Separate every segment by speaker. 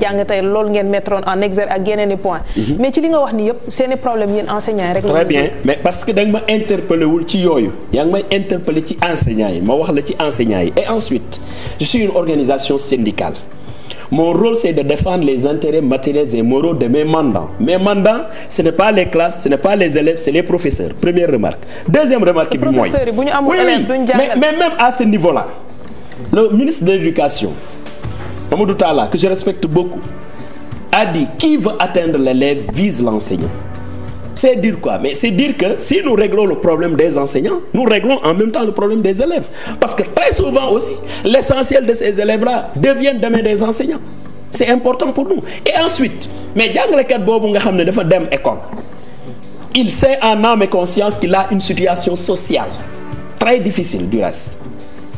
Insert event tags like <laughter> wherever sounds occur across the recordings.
Speaker 1: jàng tey loolu ngeen mettre en exergue ak yeneen i point mhm. mais ci li nga wax ni yëpp seeni problème yéen enseignants yi rek très bien
Speaker 2: mais parce que da nga ma interpellé wul ci yooyu yaa ngi may interpellé ci enseignants yi ma wax la ci enseignants yi et ensuite je suis une organisation syndicale mon rôle c'est de défendre les intérêts matériels et moraux de mes mandants mes mandants ce n'est pas les classes ce n'est pas les élèves c'est les professeurs première remarque deuxième remarque bi mooy professeurs
Speaker 1: yi bu ñu amul élèves duñ jàngal mais même à
Speaker 2: ce niveau là le ministre de l'éducation Mamadou Talla, que je respecte beaucoup, a dit qui veut atteindre l'élève vise l'enseignant. C'est dire quoi? Mais c'est dire que si nous réglons le problème des enseignants, nous réglons en même temps le problème des élèves. Parce que très souvent aussi, l'essentiel de ces élèves-là deviennent demain des enseignants. C'est important pour nous. Et ensuite, mais jàngalekat boobu nga xam ne dafa dem école. Il sait en âme et conscience qu'il a une situation sociale très difficile du reste.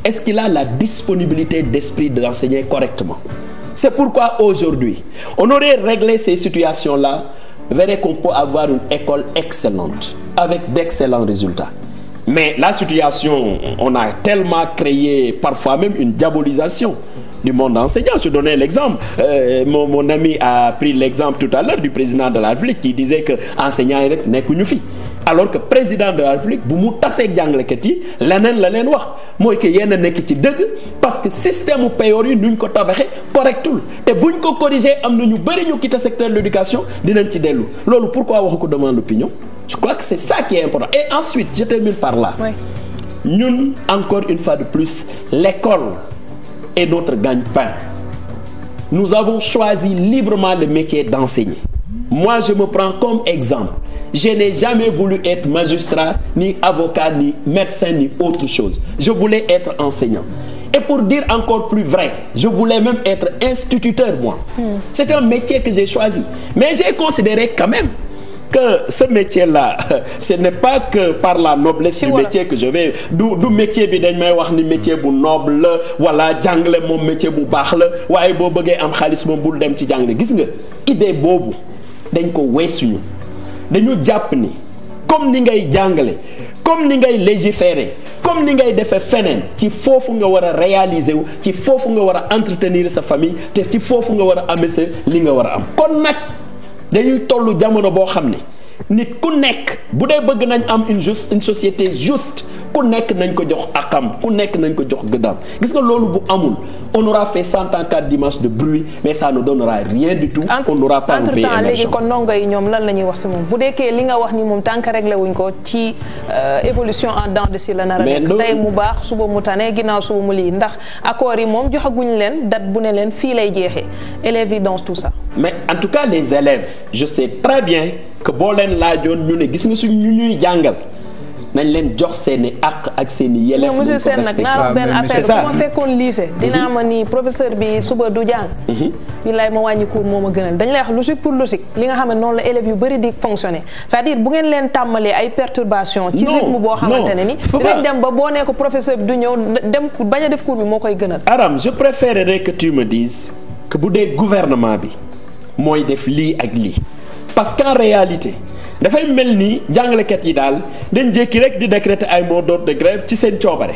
Speaker 2: Est-ce qu'il a la disponibilité d'esprit de l'enseigner correctement C'est pourquoi aujourd'hui, on aurait réglé ces situations-là, verrait qu'on peut avoir une école excellente, avec d'excellents résultats. Mais la situation, on a tellement créé parfois même une diabolisation du monde enseignant. Je donnais l'exemple. Euh, mon, mon, ami a pris l'exemple tout à l'heure du président de la République qui disait que enseignants yi rek nekkuñu fi. alors que président de la république bu mu tasee jàngalekat yi leneen la leen wax mooy que yenn nekk ci dëgg parce que système u payoor yi nuñ ko tabaxee correctul te buñ ko corrigé am na ñu bëri ñu quitté secteur de l'éducation dinañ ci dellu loolu pourquoi waxu ko devant l'opinion je crois que c'est ça qui est important et ensuite je termine par là ñun encore une fois de plus l'école est notre gagne-pain nous avons choisi librement le métier d'enseigner Moi, je me prends comme exemple. Je n'ai jamais voulu être magistrat, ni avocat, ni médecin, ni autre chose. Je voulais être enseignant. Et pour dire encore plus vrai, je voulais même être instituteur, moi. C'est un métier que j'ai choisi. Mais j'ai considéré quand que ce métier-là, <laughs> ce n'est pas que par la noblesse du voilà. métier que je vais du métier bi dañ mais wax ni métier bu noble la wala jàngale moom métier bu baax la waaye boo bëggee am xaalis moom bul dem ci jàngale gis nga idée boobu dañ ko weesuñu dañu jàpp ni comme ni ngay jàngale comme ni ngay légiférer comme ni ngay defee feneen ci foofu nga war a réaliser wu ci foofu nga war a entretenir sa famille te ci foofu nga war a amee sa li nga war a am kon nag dañuy toll jamono boo xam ne nit ku nekk bu dee bëgg nañ am une juste une société juste ku nekk nañ ko jox akam ku nekk nañ ko jox gëddaam gis nga loolu bu amul on aura fait cent ans quatre dimanches de bruit mais ça ne donnera rien du tout. on n'aura pas entre temps kon
Speaker 1: ndongo yi ñoom lan la ñuy wax si moom bu li nga wax ni moom tant que wuñ ko ci euh, évolution en dents de scie la na a nekk mu baax suba mu tanee ginnaaw suba mu lii ndax accords yi moom joxaguñ leen date bu ne leen fii lay jeexee élèves yi dans tout ça.
Speaker 2: mais en tout cas les élèves je sais très bien. que boo leen laajoon ñu ne gis nga suñ ñu ñuy jàngal nañ leen jox seeni àq ak seeni yelleef. monsieur Sène nag naa la ah, benn affaire bu ma
Speaker 1: fekkoon lycée. dinaa ma ni professeur bi suba du jàng. ñu mhm. lay ma wàññi cours moo ma gënal dañ lay wax logique pour logique li nga xam ne noonu la élèves yu bëri di fonctionner c'est-à-dire bu ngeen leen tàmmalee ay perturbations. ci rythme boo xamante ne ni. dinañ dem ba boo nekk ko professeur bi du ñëw dem bañ a def cours bi moo koy gënal.
Speaker 2: Aram je préférerais me dises bu dee gouvernement bi mooy def lii ak lii. parce en réalité dafay mel ni jàngalekat yi daal dañ jékki rek di décréter ay mot d'ordre de grève ci seen coobare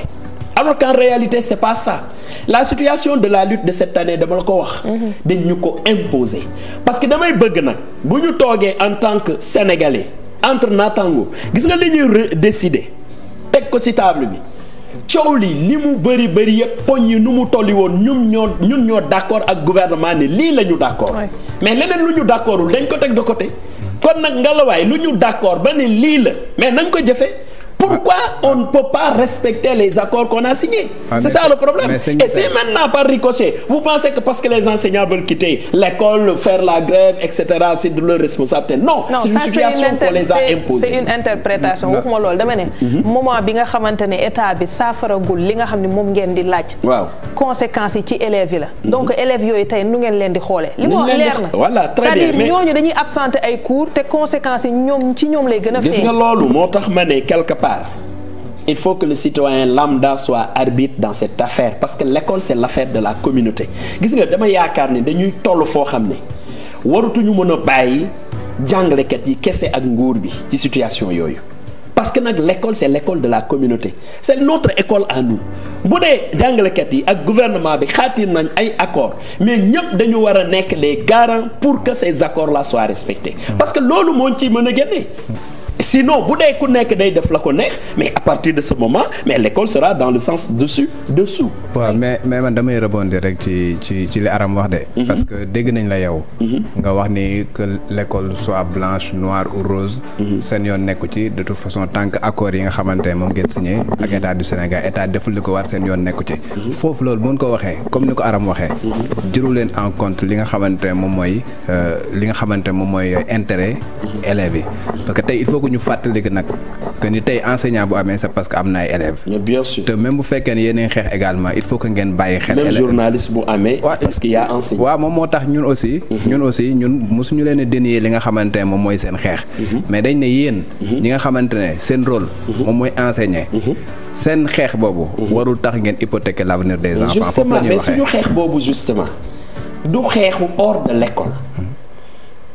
Speaker 2: alors qu'en réalité c'est pas ça la situation de la lutte de set année dama la ko wax. Mhm. dañ ñu ko imposer. parce que damay bëgg nag bu ñu toogee en tant que sénégalais entre naataango gis nga li ñuy décider teg ko ci taable bi. coow li ni mu bëri bëri yëpp poñ yi nu mu tolli woon ñun ñoo ñun ñoo d'accord ak gouvernement ni lii la ñu d'accord mais leneen lu ñu d'accordul dañ ko teg de côté kon nag ngelawaay lu ñu d'accord ba ni lii la mais nañ ko jëfee Pourquoi on ne peut pas respecter les accords qu'on a signés ah, C'est ça le problème. Et c'est maintenant par ricochet. Vous pensez que parce que les enseignants veulent quitter l'école, faire la grève, etc., c'est de leur Non, non c'est une situation qu'on les a imposée. C'est une
Speaker 1: interprétation. Mm-hmm. waxuma mm-hmm. bi nga xamante ne état bi saafaragul li nga xam ne moom ngeen di laaj. waaw conséquences yi ci élèves yi la. Mm-hmm. donc yooyu tey nu ngeen leen di xoolee. li mu wax leer na voilà ci ñoom lay gën a. gis nga loolu
Speaker 2: moo tax ma ne quelque part part, il faut que le citoyen lambda soit arbitre dans cette affaire parce que l'école c'est l'affaire de la communauté gis nga dama yaakaar ni dañuy toll foo xam ne waratuñu mën a bàyyi jàngalekat yi kese ak nguur bi ci situation yooyu parce que nag l'école c'est l'école de la communauté c'est notre école à nous bu dee jàngalekat yi ak gouvernement bi xaatir nañ ay accords mais ñëpp dañu war a nekk les garants pour que ces accords là soient respectés parce que loolu moo ci mën a génnee sinon bu dee ku nekk day def la ko neex mais à partir de ce moment mais l'école sera dans le sens dessus dessous. waaw mais mais man damay rebondir rek ci ci ci li Aram wax de. Mhm. parce que dégg nañ la yow. Mhm. nga wax ni que l'école soit blanche noire ou rose. Mhm. seen yoon nekku ci de toute façon tant que accord yi nga xamante ne moom ngeen signé ak état du Sénégal état deful li ko war seen yoon nekku ci. foofu loolu buñ ko waxee comme ni ko Aram waxee. jëru leen en compte li nga xamante ne moom mooy euh, li nga xamante ne moom mooy intérêt élèves yi parce que tey il faut que ñu fàttaliku nag que tey enseignant bu amee c'est parce que am na ay élèves. te même bu fekkee ne yéen a ngi xeex également il faut que ngeen bàyyi xel. élèves bu amee. parce moom moo tax ñun aussi. Mhm. ñun aussi ñun mosuñu leen a dénier li nga xamante ne moom mooy seen xeex. Mhm. mais dañ ne yéen. Mhm. ñi nga xamante ne seen rôle. moom mooy enseigner. seen xeex boobu. warul tax ngeen hypothéquer l'avenir des enfants. foofu la ñuy waxee mais xeex boobu justement du xeexu hors de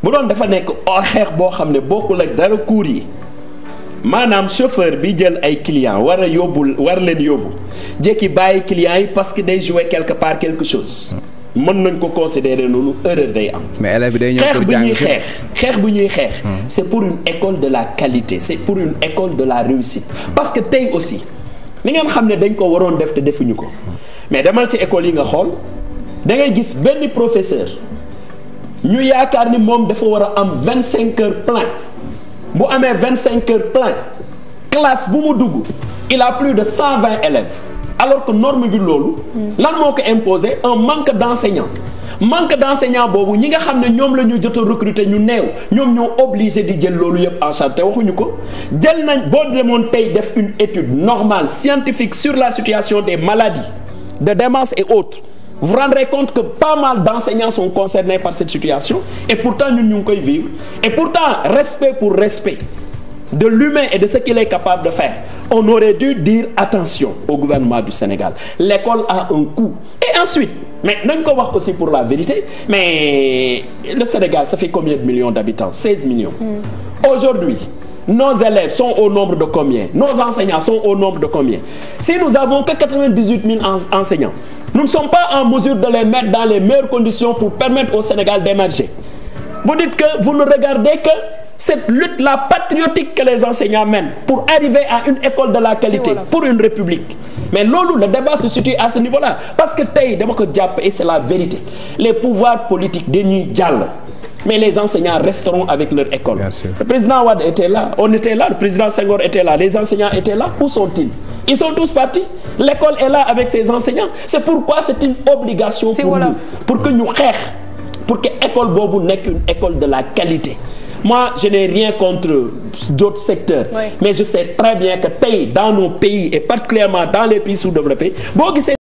Speaker 2: bu doon dafa nekk xeex boo xam ne bokkul ak dara cours yi maanaam chauffeur bi jël ay clients war a yóbbu war leen yóbbu jekki bàyyi clients yi parce que day jouer quelque part quelque chose. mën nañ ko considérer noonu erreur day am. mais élève bi day ñëw xeex ñuy xeex xeex bu ñuy xeex. Hmm. c'est pour une école de la qualité c'est pour une école de la réussite. parce que tey aussi li ngeen xam ne dañ ko waroon def te defuñu ko mais demal ci école yi nga xool da ngay gis benn professeur. ñu yaakaar ni moom dafa war a am vingt cinq heures plein bu amee vingt cinq heures plein classe bu mu dugg il a plus de cent vingt élèves alors que norme bi loolu. lan moo ko imposé un manque d' enseignant. manque d' boobu ñi nga xam ne ñoom la ñu jot a recruter ñu neew ñoom ñoo obligé di jël loolu yëpp en charge te waxuñu ko jël nañ boo demoon tey def une étude normale scientifique sur la situation des maladies de démence et autres. vous vous compte que pas mal d'enseignants sont concernés par cette situation et pourtant ñun ñu ngi koy vivre et pourtant respect pour respect de l'humain et de ce qu'il est capable de faire on aurait dû dire attention au gouvernement du Sénégal l'école a un coût et ensuite mais nañ ko wax aussi pour la vérité mais le Sénégal ça fait combien de millions d'habitants 16 millions
Speaker 1: mm.
Speaker 2: aujourd'hui nos élèves sont au nombre de combien nos enseignants sont au nombre de combien si Nous ne sommes pas en mesure de les mettre dans les meilleures conditions pour permettre au Sénégal d'émerger. Vous dites que vous ne regardez que cette lutte la patriotique que les enseignants mènent pour arriver à une école de la qualité pour une république mais loolu le débat se situe à ce niveau-là parce que tey dama ko jàpp et c'est la vérité les pouvoirs politiques dañuy jàll mais les enseignants resteront avec leur école. Bien sûr. Le président Wade était là, on était là, le président Senghor était là, les enseignants étaient là. Où sont-ils? Ils sont tous partis. L'école est là avec ses enseignants. C'est pourquoi c'est une obligation pour voilà. nous, pour ñu xeex pour que école boobu nekk une école de la qualité. Moi, je n'ai rien contre d'autres
Speaker 1: secteurs. Oui. Mais je sais très bien que tey dans nos pays et particulièrement dans les pays sous-développés,